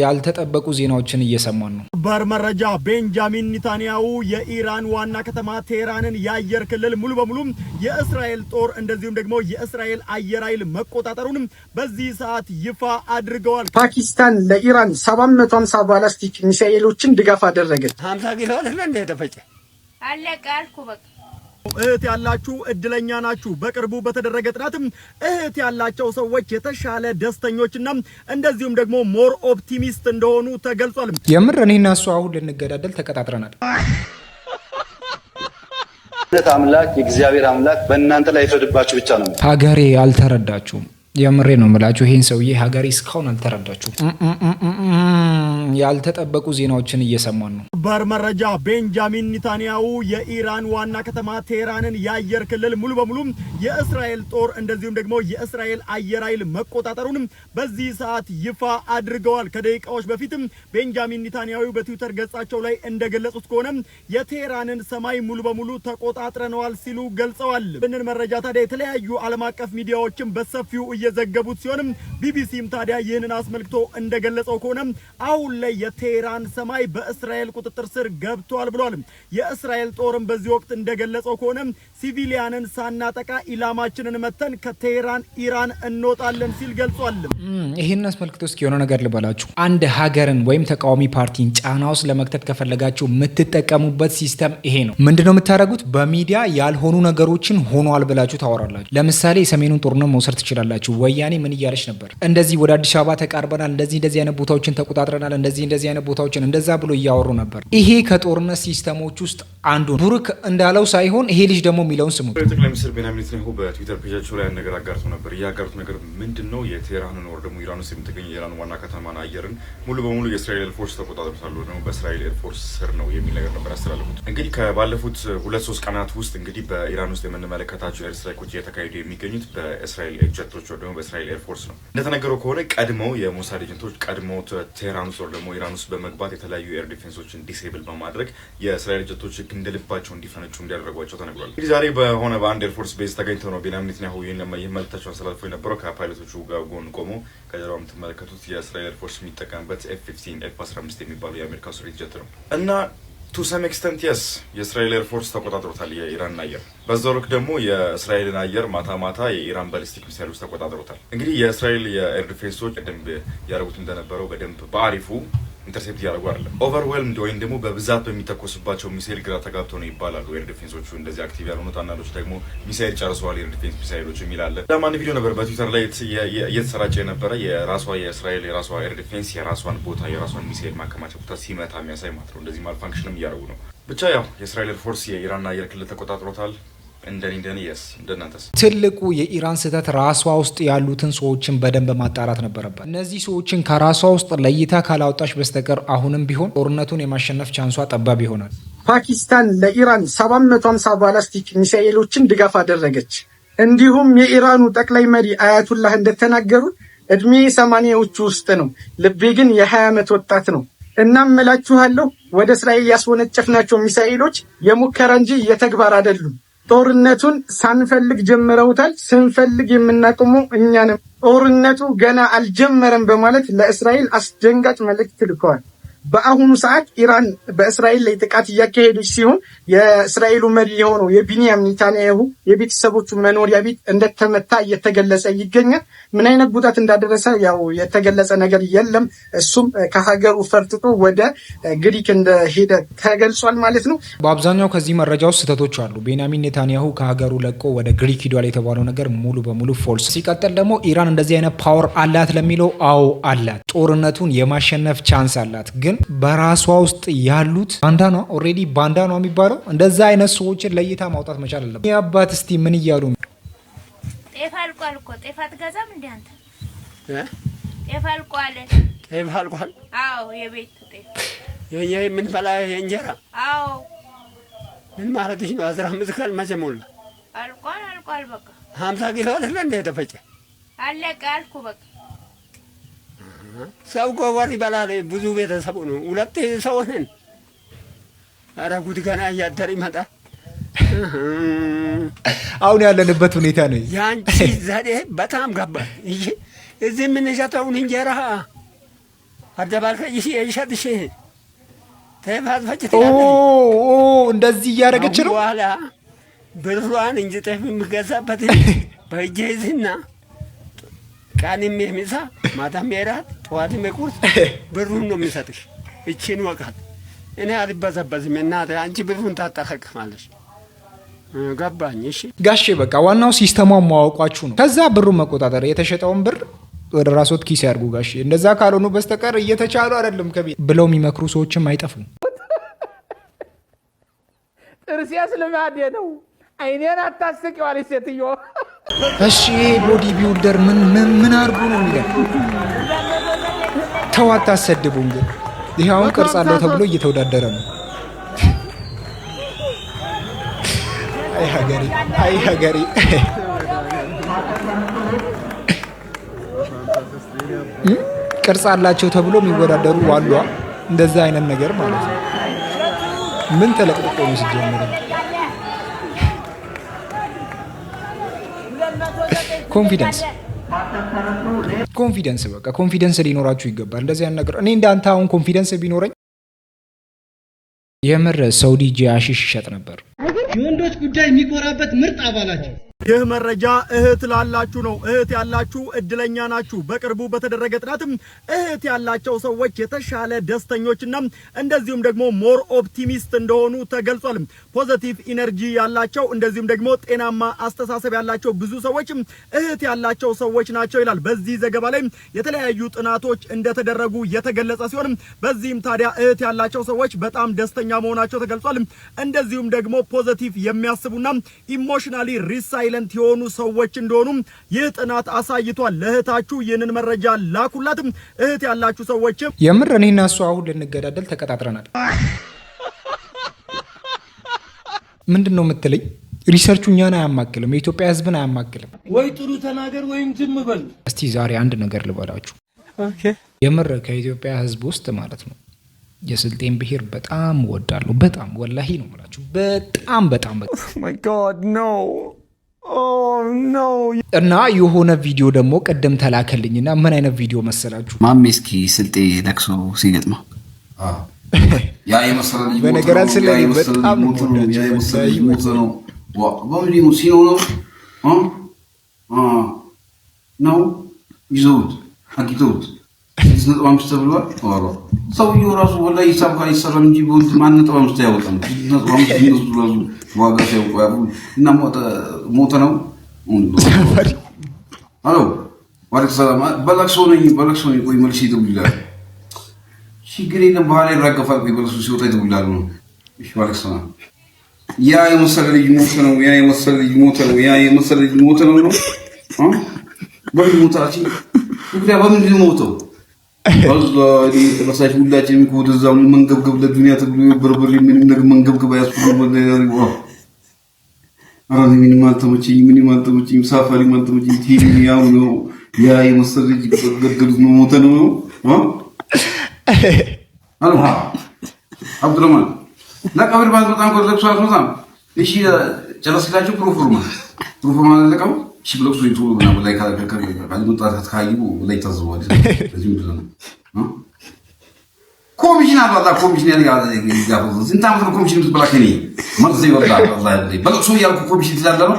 ያልተጠበቁ ዜናዎችን እየሰማን ነው። ባር መረጃ ቤንጃሚን ኔታንያሁ የኢራን ዋና ከተማ ቴህራንን የአየር ክልል ሙሉ በሙሉ የእስራኤል ጦር እንደዚሁም ደግሞ የእስራኤል አየር ኃይል መቆጣጠሩንም በዚህ ሰዓት ይፋ አድርገዋል። ፓኪስታን ለኢራን 750 ባላስቲክ ሚሳኤሎችን ድጋፍ አደረገ። 50 ጊዜ ተፈጨ አለቀ አልኩ በቃ እህት ያላችሁ እድለኛ ናችሁ። በቅርቡ በተደረገ ጥናትም እህት ያላቸው ሰዎች የተሻለ ደስተኞችና እንደዚሁም ደግሞ ሞር ኦፕቲሚስት እንደሆኑ ተገልጿል። የምር እኔና እሱ አሁን ልንገዳደል ተቀጣጥረናል። አምላክ የእግዚአብሔር አምላክ በእናንተ ላይ ይፍረድባችሁ ብቻ ነው። ሀገሬ አልተረዳችሁም። የምሬ ነው የምላችሁ፣ ይህን ሰውዬ ሀገሬ እስካሁን አልተረዳችሁ። ያልተጠበቁ ዜናዎችን እየሰማን ነው። ባር መረጃ ቤንጃሚን ኔታንያሁ የኢራን ዋና ከተማ ቴህራንን የአየር ክልል ሙሉ በሙሉ የእስራኤል ጦር እንደዚሁም ደግሞ የእስራኤል አየር ኃይል መቆጣጠሩንም በዚህ ሰዓት ይፋ አድርገዋል። ከደቂቃዎች በፊትም ቤንጃሚን ኔታንያሁ በትዊተር ገጻቸው ላይ እንደገለጹት ከሆነ የቴህራንን ሰማይ ሙሉ በሙሉ ተቆጣጥረነዋል ሲሉ ገልጸዋል። ብንን መረጃ ታዲያ የተለያዩ ዓለም አቀፍ ሚዲያዎችን በሰፊው እየዘገቡት ሲሆንም ቢቢሲም ታዲያ ይህንን አስመልክቶ እንደገለጸው ከሆነ አሁን ላይ የቴህራን ሰማይ በእስራኤል ቁጥጥር ስር ገብቷል ብሏል። የእስራኤል ጦርም በዚህ ወቅት እንደገለጸው ከሆነ ሲቪሊያንን ሳናጠቃ ኢላማችንን መተን ከቴህራን ኢራን እንወጣለን ሲል ገልጿል። ይህን አስመልክቶ እስኪ የሆነ ነገር ልበላችሁ። አንድ ሀገርን ወይም ተቃዋሚ ፓርቲን ጫና ውስጥ ለመክተት ከፈለጋችሁ የምትጠቀሙበት ሲስተም ይሄ ነው። ምንድነው የምታደርጉት? በሚዲያ ያልሆኑ ነገሮችን ሆኗል ብላችሁ ታወራላችሁ። ለምሳሌ የሰሜኑን ጦርነት መውሰድ ትችላላችሁ። ወያኔ ምን እያለች ነበር? እንደዚህ ወደ አዲስ አበባ ተቃርበናል፣ እንደዚህ እንደዚህ አይነት ቦታዎችን ተቆጣጥረናል፣ እንደዚህ እንደዚህ አይነት ቦታዎችን እንደዛ ብሎ እያወሩ ነበር። ይሄ ከጦርነት ሲስተሞች ውስጥ አንዱ ነው። ብሩክ እንዳለው ሳይሆን ይሄ ልጅ ደግሞ የሚለውን ስሙ። ጠቅላይ ሚኒስትር ቤንያሚን ኔታንያሁ በትዊተር ፔጃቸው ላይ ነገር አጋርቶ ነበር። እያጋሩት ነገር ምንድን ነው? የቴህራንን ወር ደግሞ ኢራን ውስጥ የምትገኝ የኢራን ዋና ከተማን አየርን ሙሉ በሙሉ የእስራኤል ኤርፎርስ ተቆጣጥሮታል፣ ደግሞ በእስራኤል ኤርፎርስ ስር ነው የሚል ነገር ነበር ያስተላለፉት። እንግዲህ ከባለፉት ሁለት ሶስት ቀናት ውስጥ እንግዲህ በኢራን ውስጥ የምንመለከታቸው ኤርስትራይኮች እየተካሄዱ የሚገኙት በእስራኤል ጀቶች ወደ ደግሞ በእስራኤል ኤርፎርስ ነው። እንደተነገረው ከሆነ ቀድመው የሞሳድ ኤጀንቶች ቀድመው ቴህራን ውስጥ ደግሞ ኢራን ውስጥ በመግባት የተለያዩ ኤር ዲፌንሶችን ዲሴብል በማድረግ የእስራኤል ጀቶች እንደልባቸው እንዲፈነጩ እንዲያደረጓቸው ተነግሯል። እንግዲህ ዛሬ በሆነ በአንድ ኤርፎርስ ቤዝ ተገኝተው ነው ቤንያሚን ኔታንያሁ ይህን መልእክታቸውን አስተላልፎ የነበረው ከፓይለቶቹ ጋር ጎን ቆሞ ከጀርባ የምትመለከቱት የእስራኤል ኤርፎርስ የሚጠቀምበት ኤፍ ፊፍቲን ኤፍ አስራ አምስት የሚባሉ የአሜሪካ ስሪት ጀት ነው እና ቱ ሰም ኤክስተንት የስ የእስራኤል ኤርፎርስ ተቆጣጥሮታል የኢራንን አየር። በዛው ልክ ደግሞ የእስራኤልን አየር ማታ ማታ የኢራን ባሊስቲክ ሚሳይሎች ተቆጣጥሮታል። እንግዲህ የእስራኤል የኤር ዲፌንሶች በደንብ ያደረጉት እንደነበረው በደንብ በአሪፉ ኢንተርሴፕት እያደረጉ አይደለም። ኦቨርዌልምድ ወይም ደግሞ በብዛት በሚተኮስባቸው ሚሳይል ግራ ተጋብቶ ነው ይባላሉ ኤር ዲፌንሶቹ እንደዚህ አክቲቭ ያልሆኑት። አንዳንዶች ደግሞ ሚሳይል ጨርሰዋል ኤር ዲፌንስ ሚሳይሎች የሚላለ ለማን ቪዲዮ ነበር በትዊተር ላይ እየተሰራጨ የነበረ የራሷ የእስራኤል የራሷ ኤር ዲፌንስ የራሷን ቦታ የራሷን ሚሳይል ማከማቻ ቦታ ሲመታ የሚያሳይ ማለት ነው። እንደዚህ ማልፋንክሽንም እያደረጉ ነው። ብቻ ያው የእስራኤል ኤርፎርስ ፎርስ የኢራንና አየር ክልል ተቆጣጥሮታል። እንደኔ እንደኔ የስ እንደናንተስ ትልቁ የኢራን ስህተት ራሷ ውስጥ ያሉትን ሰዎችን በደንብ ማጣራት ነበረባት እነዚህ ሰዎችን ከራሷ ውስጥ ለይታ ካላወጣች በስተቀር አሁንም ቢሆን ጦርነቱን የማሸነፍ ቻንሷ ጠባብ ይሆናል። ፓኪስታን ለኢራን 750 ባላስቲክ ሚሳኤሎችን ድጋፍ አደረገች። እንዲሁም የኢራኑ ጠቅላይ መሪ አያቱላህ እንደተናገሩ እድሜ ሰማንያዎቹ ውስጥ ነው፣ ልቤ ግን የ20 ዓመት ወጣት ነው። እናም እላችኋለሁ ወደ እስራኤል ያስወነጨፍናቸው ሚሳኤሎች የሙከራ እንጂ የተግባር አይደሉም። ጦርነቱን ሳንፈልግ ጀምረውታል። ስንፈልግ የምናቆመው እኛ ጦርነቱ ገና አልጀመረም በማለት ለእስራኤል አስደንጋጭ መልእክት ልከዋል። በአሁኑ ሰዓት ኢራን በእስራኤል ላይ ጥቃት እያካሄደች ሲሆን የእስራኤሉ መሪ የሆነው የቢንያም ኔታንያሁ የቤተሰቦቹ መኖሪያ ቤት እንደተመታ እየተገለጸ ይገኛል። ምን አይነት ጉዳት እንዳደረሰ ያው የተገለጸ ነገር የለም። እሱም ከሀገሩ ፈርጥጦ ወደ ግሪክ እንደሄደ ተገልጿል ማለት ነው። በአብዛኛው ከዚህ መረጃ ውስጥ ስህተቶች አሉ። ቤንያሚን ኔታንያሁ ከሀገሩ ለቆ ወደ ግሪክ ሂዷል የተባለው ነገር ሙሉ በሙሉ ፎልስ። ሲቀጥል ደግሞ ኢራን እንደዚህ አይነት ፓወር አላት ለሚለው አዎ አላት። ጦርነቱን የማሸነፍ ቻንስ አላት ግን ግን በራሷ ውስጥ ያሉት ባንዳ ነው ኦልሬዲ ባንዳ ነው የሚባለው። እንደዛ አይነት ሰዎችን ለይታ ማውጣት መቻል አለበት። የአባት እስቲ ምን እያሉ ጤፍ አልቋል እኮ ጤፍ አትገዛም እንዴ አንተ? ጤፍ አልቋል፣ ጤፍ አልቋል። አዎ የቤት ጤፍ የምንበላ የእንጀራ። አዎ ምን ማለትሽ ነው? አስራ አምስት ካል መቼ ሞላ? አልቋል፣ አልቋል። በቃ ሀምሳ ኪሎ አይደለ እንደ የተፈጨ አለቀ አልኩ በቃ ሰው ጎበር ይበላል። ብዙ ቤተሰቡ ነው። ሁለት ሰው ነን። ኧረ ጉድ! ገና እያደር ይመጣል። አሁን ያለንበት ሁኔታ ነው። ያንቺ ዘዴ በጣም ገባል። እይ እዚህ የምንሸጠውን እንጀራ አደባልከሽ የሸጥሽ ተፋትፈጭ እንደዚህ እያደረገች ነው። በኋላ ብሯን እንጂ ጤፍ የምገዛበት በእጄ ይዝና ቀንም የምሳ ማታም የራት ጠዋትም የቁርስ ብሩን ነው የሚሰጥሽ። እቺን ወቃት እኔ አልበዘበዝም። እናቴ አንቺ ብሩን ታጠራቅማለሽ። ገባኝ። እሺ ጋሼ፣ በቃ ዋናው ሲስተሟን ማወቋችሁ ነው። ከዛ ብሩን መቆጣጠር፣ የተሸጠውን ብር ወደ ራሶት ኪስ ያድርጉ ጋሼ። እንደዛ ካልሆኑ በስተቀር እየተቻሉ አይደለም ከቤት ብለው የሚመክሩ ሰዎችም አይጠፉም። ጥርሴ ስለማዴ ነው። አይኔን አታስቂዋለች ሴትዮ እሺ ቦዲ ቢውልደር ምን ምን አድርጎ ነው የሚለን? ተው አታሰድቡም። ግን ይህ አሁን ቅርጽ አለው ተብሎ እየተወዳደረ ነው። አይ ሀገሬ፣ አይ ሀገሬ። ቅርጽ አላቸው ተብሎ የሚወዳደሩ ዋሏ እንደዛ አይነት ነገር ማለት ነው። ምን ተለቅጥቆ ነው ሲጀምረው ኮንፊደንስ ኮንፊደንስ በቃ ኮንፊደንስ ሊኖራችሁ ይገባል። እንደዚህ ያን ነገር እኔ እንዳንተ አሁን ኮንፊደንስ ቢኖረኝ የምር ሰውዲ ዲጄ ይሸጥ ነበር። የወንዶች ጉዳይ የሚኮራበት ምርጥ አባላቸው ይህ መረጃ እህት ላላችሁ ነው። እህት ያላችሁ እድለኛ ናችሁ። በቅርቡ በተደረገ ጥናትም እህት ያላቸው ሰዎች የተሻለ ደስተኞችና እንደዚሁም ደግሞ ሞር ኦፕቲሚስት እንደሆኑ ተገልጿል። ፖዘቲቭ ኢነርጂ ያላቸው እንደዚሁም ደግሞ ጤናማ አስተሳሰብ ያላቸው ብዙ ሰዎች እህት ያላቸው ሰዎች ናቸው ይላል። በዚህ ዘገባ ላይ የተለያዩ ጥናቶች እንደተደረጉ የተገለጸ ሲሆን በዚህም ታዲያ እህት ያላቸው ሰዎች በጣም ደስተኛ መሆናቸው ተገልጿል። እንደዚሁም ደግሞ ፖዘቲቭ የሚያስቡና ኢሞሽናሊ ሪሳይ ሳይለንት የሆኑ ሰዎች እንደሆኑም ይህ ጥናት አሳይቷል። ለእህታችሁ ይህንን መረጃ ላኩላትም። እህት ያላችሁ ሰዎችም የምር እኔና እሱ አሁን ልንገዳደል ተቀጣጥረናል። ምንድን ነው የምትለኝ? ሪሰርቹ እኛን አያማክልም፣ የኢትዮጵያ ህዝብን አያማክልም። ወይ ጥሩ ተናገር ወይም ዝም በል። እስቲ ዛሬ አንድ ነገር ልበላችሁ። የምር ከኢትዮጵያ ህዝብ ውስጥ ማለት ነው የስልጤን ብሔር በጣም ወዳለሁ። በጣም ወላሂ ነው የምላችሁ። በጣም በጣም በጣም Oh, እና የሆነ ቪዲዮ ደግሞ ቅድም እና ምን አይነት ቪዲዮ መሰላችሁ? ማሜ እስኪ ስልጤ ለቅሶ ሲገጥመው በነገራችን ላይ በጣም ነው ይዘውት አግኝተውት ስድስት ነጥብ አምስት ተብሏል። ሰውየው ራሱ ወላ ሂሳብ ካልሰራም እንጂ ማን ነጥብ አምስት አያወጣም። ስድስት ነጥብ አምስት እነሱ ራሱ ዋጋ ሲያውቁ ያሉ እና ሞተ ነው። ሄሎ ዋለክ ሰላም በለቅሶ ነኝ በለቅሶ ነኝ። ቆይ መልስ ይደውልላል። ችግር የለም ባህል ይራገፋል። ቆይ በለቅሶ ሲወጣ ይደውላሉ ነው። እሺ ዋለክ ሰላም። ያ የመሰለ ልጅ ሞተ ነው። ያ የመሰለ ልጅ ሞተ ነው። ያ የመሰለ ልጅ ሞተ ነው ነው በምን ሞታችን እንግዲያ በምንድን ሞተው መሳሽ ሁላችን ወደዛ መንገብገብ ለዱኒያ ተብሎ በርበሬ ምንም ነገር መንገብገብ አያስብሎ ምንም አልተመቸኝ፣ ምንም አልተመቸኝ፣ ሳፋሪ አልተመቸኝ። ቲቪ ያው ነው ያ የመሰለ ገደሉት ነው ሞተ ነው አሉ አብዱረማን በጣም እሺ ጨረስላቸው ፕሮፎርማ ፕሮፎርማ ኮሚሽን አባዛ ኮሚሽን ስንት ዓመት ነው ኮሚሽን የምትበላ? ከኔ መርዝ ይወርዳል። በለቅሶ እያልኩ ኮሚሽን ስላለ ነው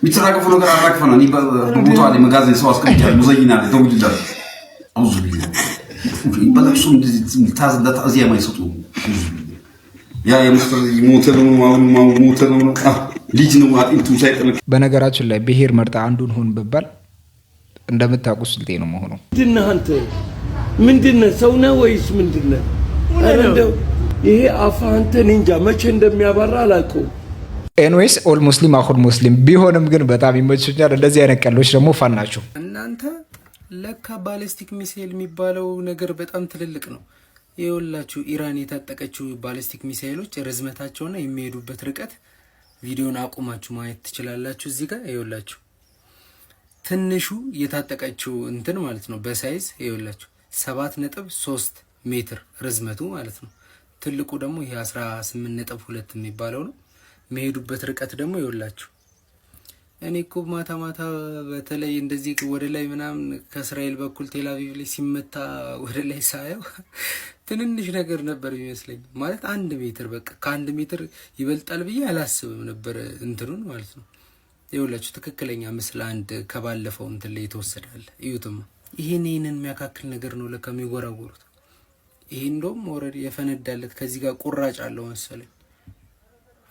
የሚተራገፉ ነገር አራግፈና ቦታ ላይ መጋዘን ሰው አስቀምጫለሁ። ሙዘይና ተውልዳል። አዙ በለቅሶ ታዝ ለታዚያ ማይሰጡ ያ የምስር ሞተ ነው ሞተ ነው ልጅ ነው አጥንቱ ሳይጠነ በነገራችን ላይ ብሄር መርጣ አንዱን ሁን ብባል እንደምታውቁ ስልጤ ነው መሆኑ። ምንድነህ አንተ ምንድነህ? ሰው ነህ ወይስ ምንድነህ? እንደው ይሄ አፋ አንተ እንጃ መቼ እንደሚያባራ አላውቀውም። ኤንዌይስ ኦል ሙስሊም አሁን ሙስሊም ቢሆንም ግን በጣም ይመችኛል። እንደዚህ አይነት ቀሎች ደግሞ ፋን ናቸው እናንተ። ለካ ባለስቲክ ሚሳይል የሚባለው ነገር በጣም ትልልቅ ነው። የወላችሁ ኢራን የታጠቀችው ባለስቲክ ሚሳይሎች ርዝመታቸውና የሚሄዱበት ርቀት ቪዲዮን አቁማችሁ ማየት ትችላላችሁ። እዚህ ጋር ይኸውላችሁ ትንሹ የታጠቀችው እንትን ማለት ነው በሳይዝ ይኸውላችሁ ሰባት ነጥብ ሶስት ሜትር ርዝመቱ ማለት ነው። ትልቁ ደግሞ ይሄ አስራ ስምንት ነጥብ ሁለት የሚባለው ነው። የሚሄዱበት ርቀት ደግሞ ይኸውላችሁ እኔ እኮ ማታ ማታ በተለይ እንደዚህ ወደ ላይ ምናምን ከእስራኤል በኩል ቴላቪቭ ላይ ሲመታ ወደ ላይ ሳየው ትንንሽ ነገር ነበር የሚመስለኝ ማለት አንድ ሜትር በቃ ከአንድ ሜትር ይበልጣል ብዬ አላስብም ነበረ እንትኑን ማለት ነው። ይኸውላችሁ ትክክለኛ ምስል አንድ ከባለፈው እንትን ላይ የተወሰዳል። እዩትማ። ይሄን ይህንን የሚያካክል ነገር ነው ለካ የሚወራወሩት ይሄ እንደውም ኦልሬዲ የፈነዳለት ከዚህ ጋር ቁራጭ አለው መሰለኝ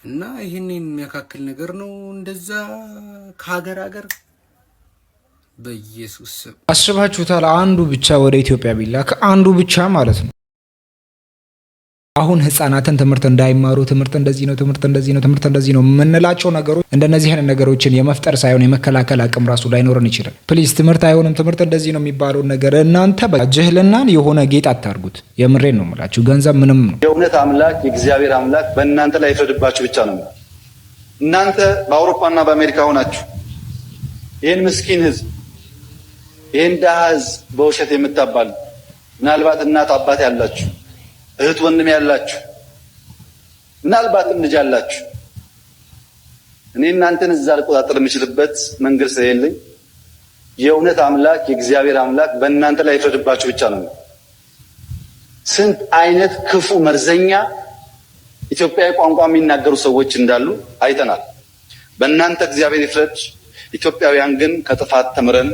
እና ይህን የሚያካክል ነገር ነው እንደዛ ከሀገር ሀገር በኢየሱስ ስም አስባችሁታል። አንዱ ብቻ ወደ ኢትዮጵያ ቢላክ አንዱ ብቻ ማለት ነው አሁን ህጻናትን ትምህርት እንዳይማሩ ትምህርት እንደዚህ ነው፣ ትምህርት እንደዚህ ነው፣ ትምህርት እንደዚህ ነው የምንላቸው ነገሮች እንደነዚህ አይነት ነገሮችን የመፍጠር ሳይሆን የመከላከል አቅም ራሱ ላይኖረን ይችላል። ፕሊዝ ትምህርት አይሆንም፣ ትምህርት እንደዚህ ነው የሚባለውን ነገር እናንተ ጅህልናን የሆነ ጌጥ አታርጉት። የምሬን ነው የምላችሁ። ገንዘብ ምንም ነው። የእውነት አምላክ የእግዚአብሔር አምላክ በእናንተ ላይ ይፍረድባችሁ ብቻ ነው። እናንተ በአውሮፓና በአሜሪካ ሆናችሁ ይህን ምስኪን ህዝብ ይህን ድሃ ህዝብ በውሸት የምታባሉ ምናልባት እናት አባት ያላችሁ እህት ወንድም ያላችሁ ምናልባትም ልጅ አላችሁ እኔ እናንተን እዛ ልቆጣጠር የምችልበት መንገድ ስለሌለኝ የእውነት አምላክ የእግዚአብሔር አምላክ በእናንተ ላይ ይፍረድባችሁ ብቻ ነው። ስንት አይነት ክፉ መርዘኛ ኢትዮጵያዊ ቋንቋ የሚናገሩ ሰዎች እንዳሉ አይተናል። በእናንተ እግዚአብሔር ይፍረድ። ኢትዮጵያውያን ግን ከጥፋት ተምረን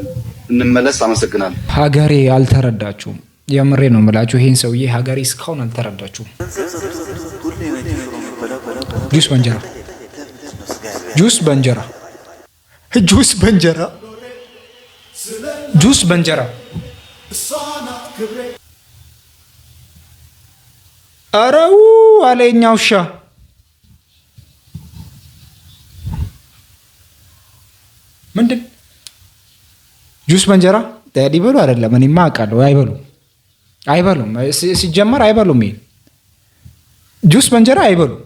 እንመለስ። አመሰግናለሁ። ሀገሬ አልተረዳችሁም። የምሬ ነው የምላችሁ። ይህን ሰውዬ ሀገሬ እስካሁን አልተረዳችሁም። ጁስ በእንጀራ ጁስ በእንጀራ ጁስ በእንጀራ ጁስ በእንጀራ። አረው አለኛ ውሻ ምንድን ጁስ በእንጀራ ዳዲ በሉ አይደለም። እኔማ አውቃለሁ አይበሉ አይበሉም። ሲጀመር አይበሉም። ይሄ ጁስ በእንጀራ አይበሉም።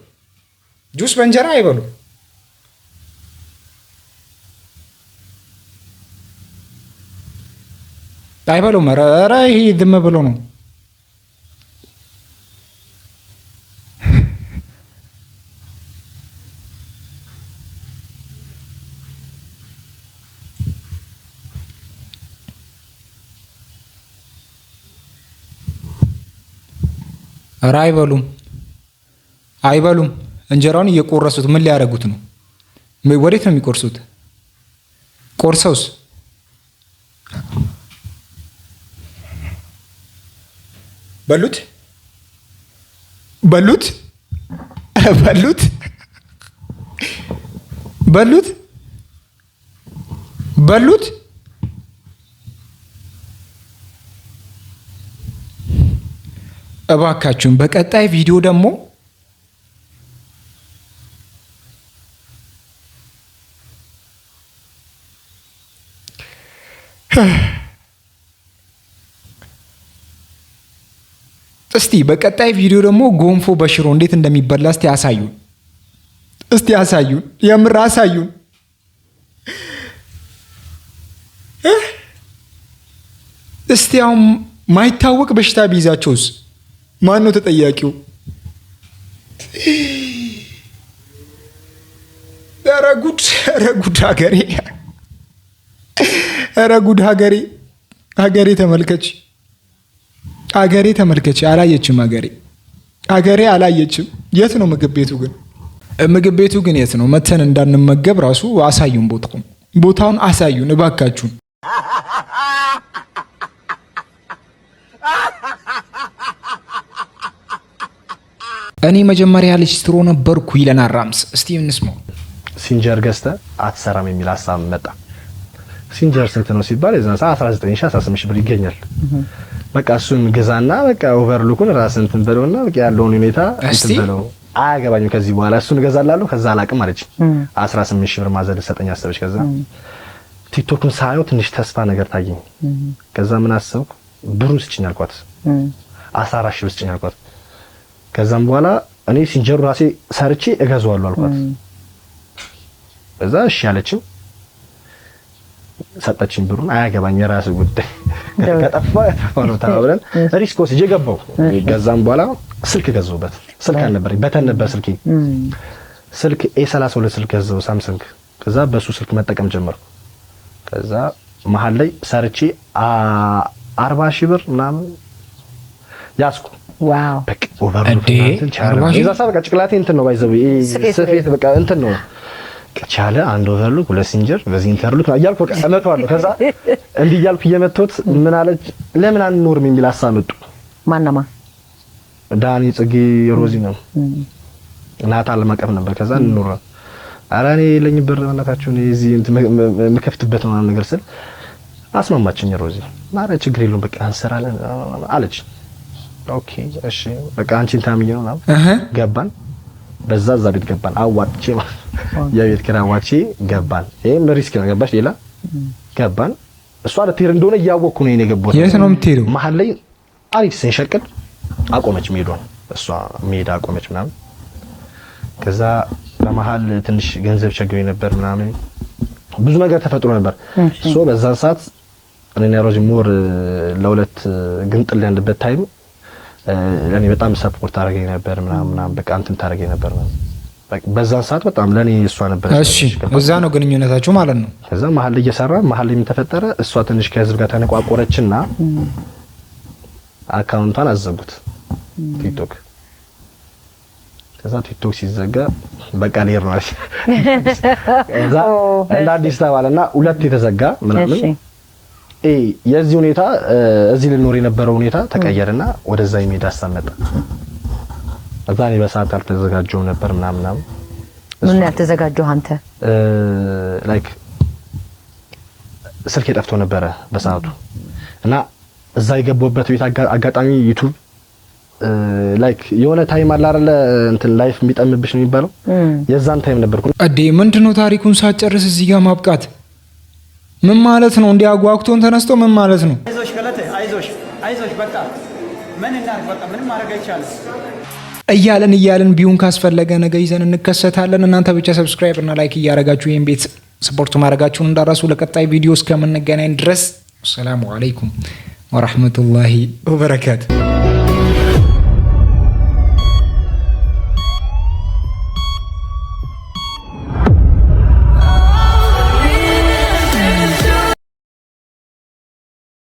ጁስ በእንጀራ አይበሉም። አይበሉም። ኧረ ይሄ ዝም ብሎ ነው። ኧረ አይበሉም አይበሉም። እንጀራውን እየቆረሱት ምን ሊያደርጉት ነው? ወዴት ነው የሚቆርሱት? ቆርሰውስ በሉት በሉት በሉት በሉት በሉት እባካችሁን በቀጣይ ቪዲዮ ደግሞ እስቲ በቀጣይ ቪዲዮ ደግሞ ጎንፎ በሽሮ እንዴት እንደሚበላ እስቲ አሳዩን። እስቲ አሳዩን፣ የምር አሳዩን። እስቲ ያው ማይታወቅ በሽታ ቢይዛቸውስ? ማን ነው ተጠያቂው? ኧረ ጉድ! ኧረ ጉድ! ሀገሬ! ኧረ ጉድ! ሀገሬ! ሀገሬ ተመልከች! ሀገሬ ተመልከች። አላየችም ሀገሬ አገሬ አላየችም። የት ነው ምግብ ቤቱ ግን? ምግብ ቤቱ ግን የት ነው? መተን እንዳንመገብ ራሱ አሳዩን። ቦታውን ቦታውን አሳዩን እባካችሁን። እኔ መጀመሪያ ልጅ ስትሮ ነበርኩ ይለናል ራምስ። እስቲ እንስማው። ሲንጀር ገዝተ አትሰራም የሚል ሀሳብ መጣ። ሲንጀር ስንት ነው ሲባል የዛን ሰዓት 19 18 ሺህ ብር ይገኛል። በቃ እሱን ግዛና በቃ ኦቨርሉኩን ራስ እንትን በለውና በቃ ያለውን ሁኔታ እንትን በለው። አያገባኝም ከዚህ በኋላ እሱን እገዛላለሁ ከዛ አላቅም አለች። 18 ሺህ ብር ማዘድ ሰጠኝ አሰበች። ከዛ ቲክቶክን ሳየው ትንሽ ተስፋ ነገር ታየኝ። ከዛ ምን አሰብኩ ብሩን ስጭኝ አልኳት። 14 ሺህ ብር ስጭኝ አልኳት ከዛም በኋላ እኔ ሲንጀሩ ራሴ ሰርቼ እገዛዋለሁ አልኳት። በዛ እሺ አለችው፣ ሰጠችኝ ብሩን። አያገባኝ የራስ ጉዳይ ከጠፋ ፈርታ ተባብለን ሪስክ ወስጄ ገባሁ። ከዛም በኋላ ስልክ ገዛሁበት። ስልክ አልነበረኝ፣ በተን ነበር ስልኬ። ስልክ ኤ32 ስልክ ገዛሁ ሳምሰንግ። ከዛ በሱ ስልክ መጠቀም ጀመርኩ። ከዛ መሀል ላይ ሰርቼ አርባ ሺህ ብር ምናምን ያስኩ ነው ቻለ አንድ ኦቨርሉክ ሁለት ሲንጀር በዚህ ኢንተርሉክ ነው እያልኩ በቃ እመተዋለሁ። ከዛ እንዲህ እያልኩ እየመቶት ምን አለች ለምን አንኖርም የሚል ሀሳብ መጡ። ማናማ ዳኒ፣ ጽጌ፣ ሮዚ ነው ናታ ለማቀፍ ነበር። ከዛ እንኖር ኧረ እኔ የለኝም ብር በእናታችሁ እዚህ የምከፍትበት ምናምን ነገር ስል አስማማችኝ ሮዚ። ኧረ ችግር የለውም በቃ እንሰራለን አለች። ኦኬ እሺ በቃ አንቺን ታምኜ ነው ምናምን ገባን። በዛ እዛ ቤት ገባን። አዋጥቼ ማለት የቤት ኪራይ አዋጥቼ ገባን። ይሄም ሪስክ ነው ገባሽ። ሌላ ገባን። እሷ ልትሄድ እንደሆነ እያወቅኩ ነው የገባሁት። የት ነው የምትሄደው? መሀል ላይ አሪፍ ስንሸቅል አቆመች መሄዷን። እሷ መሄድ አቆመች ምናምን። ከዛ በመሀል ትንሽ ገንዘብ ቸግሮኝ ነበር ምናምን ብዙ ነገር ተፈጥሮ ነበር። ሶ በዛን ሰዓት እኔና ሮዚ ሞር ለሁለት ግንጥል ያለበት ታይም ለእኔ በጣም ሰፖርት ታደርገኝ ነበር ምናምን ምናምን በቃ እንትን ታደርገኝ ነበር ነው በዛን ሰዓት በጣም ለእኔ እሷ ነበር። እሺ እዛ ነው ግንኙነታችሁ ማለት ነው። ከዛ መሀል እየሰራ መሀል ላይ ተፈጠረ። እሷ ትንሽ ከህዝብ ጋር ተነቋቆረችና አካውንቷን አዘጉት ቲክቶክ። ከዛ ቲክቶክ ሲዘጋ በቃ ሌር ነው። ከዛ እንደ አዲስ ተባለና ሁለት የተዘጋ ምናምን የዚህ ሁኔታ እዚህ ልኖር የነበረው ሁኔታ ተቀየርና ወደዛ የሚሄድ ሀሳብ መጣ። እዛ እኔ በሰዓት አልተዘጋጀሁም ነበር ምናምን ምን ያልተዘጋጀው አንተ? ላይክ ስልክ የጠፍቶ ነበረ በሰዓቱ እና እዛ የገባሁበት ቤት አጋጣሚ ዩቱብ ላይክ የሆነ ታይም አለ አይደለ? እንትን ላይፍ የሚጠምብሽ ነው የሚባለው። የዛን ታይም ነበርኩ። እዴ ምንድነው ታሪኩን ሳትጨርስ እዚህ ጋር ማብቃት ምን ማለት ነው? እንዲያጓጉቶን ተነስቶ ምን ማለት ነው? አይዞሽ ገለቴ፣ አይዞሽ፣ አይዞሽ በቃ ምን እናድርግ፣ በቃ ምንም ማድረግ አይቻልም እያለን እያለን ቢሁን ካስፈለገ ነገ ይዘን እንከሰታለን። እናንተ ብቻ ሰብስክራይብ እና ላይክ እያረጋችሁ ይህን ቤት ስፖርቱ ማድረጋችሁን እንዳረሱ። ለቀጣይ ቪዲዮ እስከምንገናኝ ድረስ ሰላም አለይኩም ወራህመቱላሂ ወበረካቱ።